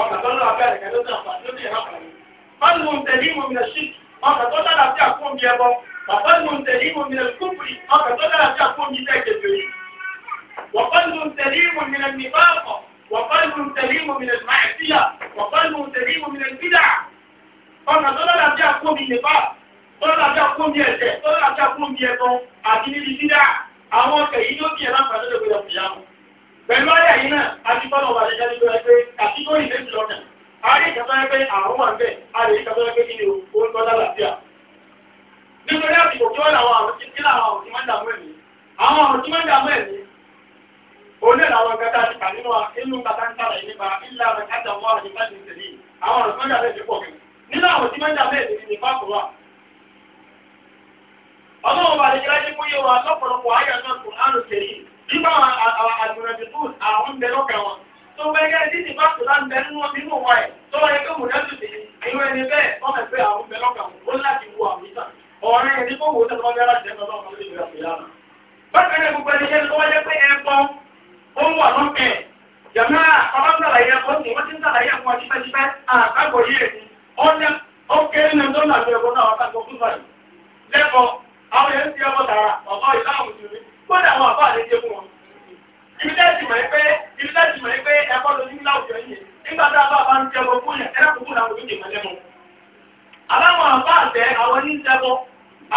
ọ̀nà tó lọ abẹ́rẹ̀ kẹ́ ló ní àǹfààní ló ní ìrànfààní. fáwọn ohun tẹ̀lé ìmọ̀ mi lọ sí ọkà tó dára sí àpò mi ẹbọ fáwọn ohun tẹ̀lé ìmọ̀ mi lọ sí kúkúrì ọkà tó dára sí àpò mi tẹ̀ kẹfẹ́ yìí. wọ́pọ̀lù ohun tẹ̀lé ìmọ̀ mi lọ ní báàkọ̀ wọ́pọ̀lù ohun tẹ̀lé pẹ̀lú ayà yìí náà adúgbọ́nà ọba àdẹ́jọ́ ní gbọ́dọ̀ pé kàtígórì méjì a àárẹ̀ ìkàtọ́ pé àwọn wà ń bẹ̀ àárẹ̀ ìkàtọ́ pé kí ni orúkọ lálàáfíà nítorí àsìkò kí wọ́n làwọn àwọn tí kí làwọn àwọn tí wọ́n dààmú ẹ̀mí àwọn àwọn tí wọ́n dààmú ẹ̀mí oní làwọn gata ti kà nínú inú kata ń tààrà nípa ilà àti àwọn àwọn nípa ti tẹ̀lé àwọn àwọn tí wọ́n dààmú ẹ̀mí pọ̀ kí nínú àwọn tí wọ́n dààmú ẹ̀mí nípa kò wà. ọlọ́run bàdé jẹ́ láyé kó yẹ wa lọ́pọ̀lọpọ̀ ayé náà kò Nígbà àwọn àjùrẹ̀bì tó àwọn ń bẹ lọ́kẹ̀ wọn. Tó bẹ́ gẹ́ títí bá tó láti bẹ nínú nínú wa ẹ̀ tó wáyé pé mò dẹ́sù sí irú ẹni bẹ́ẹ̀ wọ́n mẹ̀ pé àwọn ń bẹ lọ́kẹ̀ wọn. Ó láti wo àwọn ìtàn. Ọ̀rẹ́ ẹni tó wò ó tẹ́tọ́ bẹ́ẹ̀ láti ẹ̀kọ́ lọ́kàn lórí ìgbà ìyára. Bákan náà gbogbo ẹni yẹn tó wáyé pé ẹ̀kọ́ ó wà lọ́kẹ̀. Jàmá ọba ń sàlàyé ẹ̀kọ́ sí wọ́n ti ń sàlàyé ẹ̀kọ́ tipẹ́tipẹ́ àkágbọ̀ yìí èyí. Ọ̀nà ó kéré ní ọdún àti ẹ̀kọ́ náà wọ́n kàgbọ́ fún báyìí. Lẹ́kọ̀ọ́ àwọn yẹn ti ọmọ tààrà ọ̀gá ìlà àwùjọ kódà àwọn àbá àlẹ́ jẹ́ fún wọn. ibi tẹ́ ti mọ̀ ẹ́ pé ibi tẹ́ ti mọ̀ ẹ́ pé ẹ̀kọ́ lójú láwùjọ yìí nígbà tá a bá ń jẹ́bọ fún yẹn ẹ̀rọ kúkú làwọn òbí àbá àtẹ àwọn ní jẹ́bọ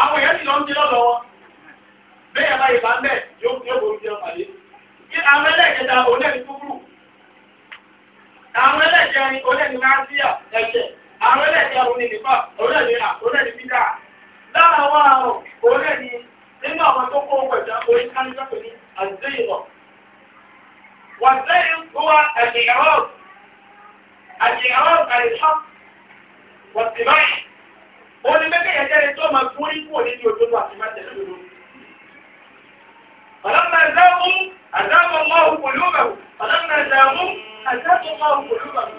àwọn èèyàn lọ ń lọ́dọ̀ wọn. bẹ́ẹ̀ bá ń bẹ̀ yóò borí pàdé. kí àwọn ẹlẹ́ẹ̀kẹta àwọn nínú àwọn tó kó ọgbà ìjà orí káníjà pẹ̀lú àzẹ́yìnbọ̀. wọ́n zẹ́yìn tó wá àjẹyàwó àjẹyàwó àìsàn wọ́n ti báyìí. ó ní bẹ́ẹ̀ yẹn jẹ́rìí tó máa gún orí kúrò nínú òjòló àti má tẹ̀lé lòlò. ọ̀làmà ẹ̀dáwó àdáwó máa wù pẹ̀lú bẹ̀rù ọ̀làmà ẹ̀dáwó àdáwó máa wù pẹ̀lú bẹ̀rù.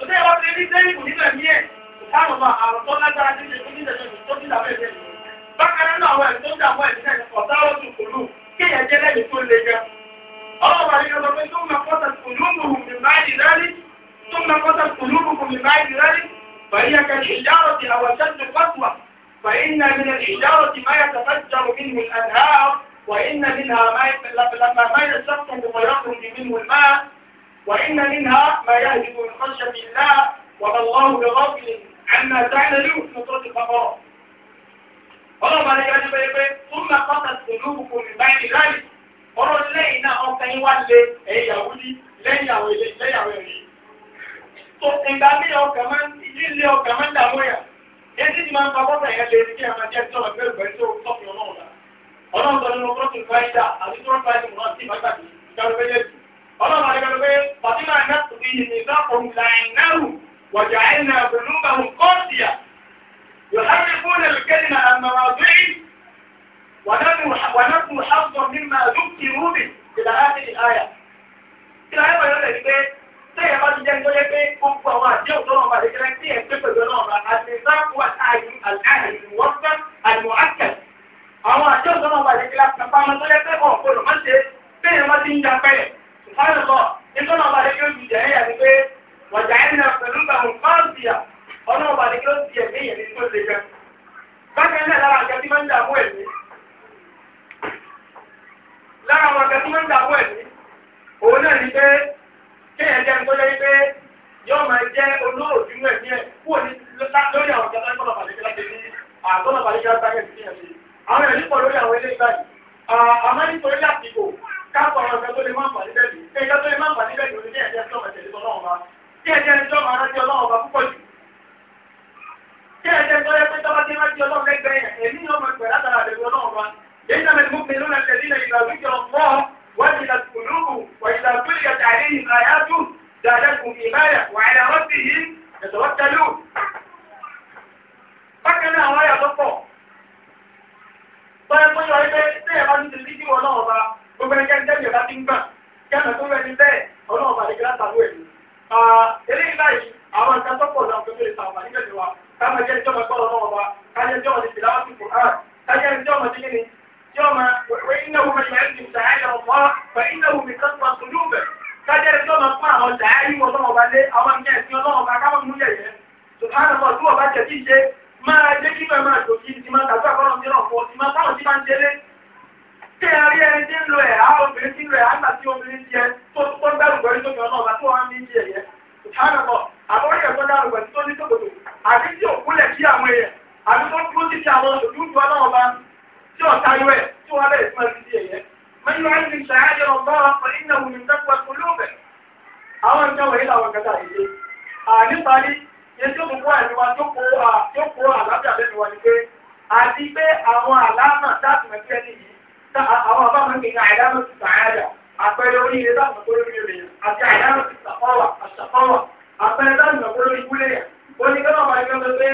òṣèlú wọn ti rí sẹ́yìn kù nígbà míì ẹ̀ nínú àwọn ẹ̀sìn tó ń dààmú فهي كالحجارة أو أشد قسوة فإن من الحجارة ما يتفجر منه الأنهار وإن منها ما لما منه الماء وإن منها ما يهدف من خشية الله وما الله بغافل عما تعملون في سورة البقرة ọlọ́pàá lè yọjú pé pé fún mi àkọ́tà tẹ̀lú òkùnkùn mi báyìí láì ọ̀rọ̀ lẹ́yìn náà ọkàn yín wá lé ẹ̀yìn Yàhúdí lẹ́yìn àwọn èlé lẹ́yìn àwọn ẹ̀rí. tó ìgbà mí ọkàn máa ń ilé ilé ọkàn máa ń dààmú yà èyí ti máa ń fa bọ́tà yẹn lé kí àwọn ajẹ́ tó ọ̀gbẹ́ ìgbẹ́ tó tọ́pì ọlọ́run ọlọ́run tó يحرفون الكلمة عن مواضعه ونبو ونبو حظا مما ذكروا به إلى هذه الآية. إلى آية يقول لك إيه؟ تيجي بعد الجنة يقول لك إيه؟ كم فوا جو دوما بعد كده تيجي تبقى دوما النظام هو الأهل الأهل الموضع المعكر. أما جو دوما بعد كده كم فوا تقول لك إيه؟ أوه كل ما تيجي تيجي ما تيجي جنبه. سبحان الله. إنتوا نبغى نقول بجاهية إيه؟ وجعلنا قلوبهم قاسية ọlọ́run bá ní kí ló ti ẹ̀mí èèyàn ní tó ṣe jẹ bákan náà lára àjọ tí máa ń dààmú ẹ̀mí lára àwọn àjọ tí máa ń dààmú ẹ̀mí òun náà ní pé kéèyàn jẹ́ ní tó jẹ́ pé yóò máa jẹ́ olóòtú inú ẹ̀mí ẹ̀ kúrò ní lórí àwọn àjọ tó lọ́pàá lè láti ní àgọ́nà bàlẹ́ yára sáyẹ̀ sí ẹ̀mí káàpọ̀ àwọn ọ̀gá tó lè máa ń bà níbẹ̀ bí ẹ̀ka tó lè máa ń bà níbẹ̀ bí ó ní ẹ̀jẹ̀ tó ọmọ ìṣẹ̀lẹ̀ tó náà kí ẹ̀jẹ̀ ń tọ́ ọmọ arájọ́ náà púpọ̀ jù tí ẹ̀jẹ̀ tó yẹ pé tọ́ba ti rántí ọlọ́run lẹ́gbẹ̀ẹ́ yẹn èmi yóò máa gbẹ̀ látara àdébí ọlọ́run wa lẹ́yìn náà mẹ́rin mú mi lónà tẹ̀lé ilẹ̀ ìgbà wíjọ mọ́ wọ́n ti lọ kùlùkù wọ́n ti lọ kúlì ọ̀tà àríyìn àyájú dáadákùn ìmáyà wàhálà wọ́n sì yí ẹ̀tọ́ tẹ́lú. bákan náà àwọn àyà tó pọ̀ tọ́yẹ fún yọ ẹgbẹ́ tí ẹ̀ bá ti lè díjú ọlọ́run ba gbogbo ẹgbẹ́ ń tẹ́lẹ̀ bá ti ń gbà kí ẹ̀mẹ̀ tó rẹ̀ ní bẹ́ẹ̀ ọlọ́run ba lè gbé látàlú ẹ̀ àwọn ìka tó pọ̀ lọ́wọ́ pẹ̀lú ìta ọ̀mà nígbà tí wa ká máa jẹ́ ìjọba gbọ́dọ̀ náà wa ká jẹ́ ìjọba ti fìlà wọ́n ti kù án ká jẹ́ ìjọba ti kíni ìjọba wẹ̀ iná wo ma yẹn ti sàáyà ọ̀pọ̀ wẹ̀ iná wo mi kán pàṣẹ ojú bẹ̀ ká jẹ́ ìjọba fún àwọn sàáyà ọlọ́wọ́ ba lé àwọn ìjẹ́ ìsìn ọlọ́wọ́ tí a rí ẹni tí ń lo ẹ̀há obìnrin tí ń lo ẹ̀há nígbà tí obìnrin jẹ tó tó gbẹ́rù pẹ̀lú tó fi ọlọ́ọ̀bá tó wá ń bí jẹ yẹn ṣùgbọ́n àwọn èèyàn tó dárò pẹ̀lú tó ní tòkòtò àti tí ò kúnlẹ̀ sí àwọn èèyàn àti tó dúró títí àwọn òṣèlú ọlọ́run bá tí ọ̀tá yọ ẹ̀ tí wọ́n bẹ̀rẹ̀ sí máa fi di ẹ̀yẹ. mẹ́yìn wáyé ti ṣàyájọ́ ọgbọ́n ọkọ̀ nínú òun nìkan pẹ̀ kú lóòbẹ̀. àwọn nǹkan wọ̀nyí làwọn kẹta yìí níparí yẹn tí ó kó àìníwá tó kó àlàáfíà lẹ́nu wa ni pé àti pé àwọn àlámà táàtì mẹ́tí ẹni yìí àwọn àbámọ́ àpẹẹrẹ oríire dáàmú olórí ènìyàn àti àyàrá ti sàfáwà àṣàfáwà àpẹẹrẹ dáàmú olórí ìwúlẹ̀ ó ní kọ́nà wà nígbà pé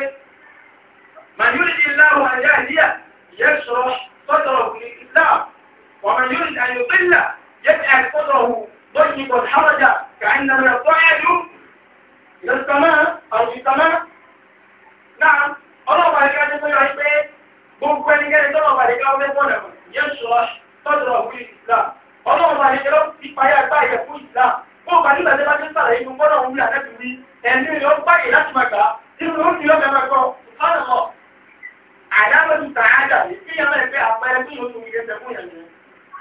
màjúrì ti láwọ àyà àdíyà yẹ sọ sọ́dọ̀ ọ̀gbìn islam wà màjúrì ti àyè òpínlà yẹ ti káwọ́ fẹ́ fọ́nà yẹ sọ ọ̀gbìn islam ọlọ́run máa yẹ lọ́pù ti parí àgbá ìyẹ̀ fún ìlà ó gbà nígbà tí wọ́n ti ń sàlàyé gbogbo náà wúlò àtẹ́tù rí ẹni yóò báyìí láti máa gbà nínú ó ti lọ́mọ ẹgbẹ́ kan sùpánà mọ́ àdámọ́tù tààdà ní kí yẹn máa fẹ́ àpẹẹrẹ fún yóò tún ilé ẹsẹ̀ fún yẹn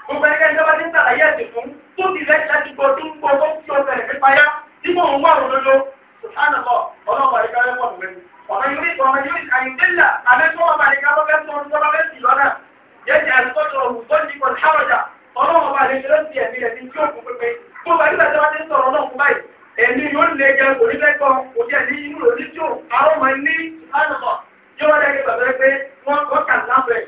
gbogbo ẹgbẹ́ tí wọ́n ti ń sàlàyé ẹ̀sìn fún tó ti lẹ́ láti gbọ́ tó ń gbọ́ tó ń fi ọ̀sẹ̀ rẹ̀ nípa yá tí mò ń wà òdodo sùpánà mọ́ ọlọ́run máa yẹ ká lẹ́wọ̀n rẹ̀ ọ̀nà yóò ọ̀nà yóò àyíndélà àbẹ́tọ́ ọmọ àyíká lọ́fẹ́ tó ń sọ́lọ́fẹ́ sí lọ́nà yẹ́n ti àìsọ́jọ́ òwúgbọ́n ní kọ̀ọ̀tàrọ̀jà ọlọ́run bá lè ṣe lọ́sí ẹ̀mí rẹ̀ tí yóò fún pépé tó bá nígbà tí wọ́n ti ń sọ̀rọ̀ náà fún báyìí ẹ̀mí yóò lè jẹ kò ní lẹ́kọ̀ọ́ kò jẹ́ ní inú rẹ̀ ní tí ó àwọn ọmọ ní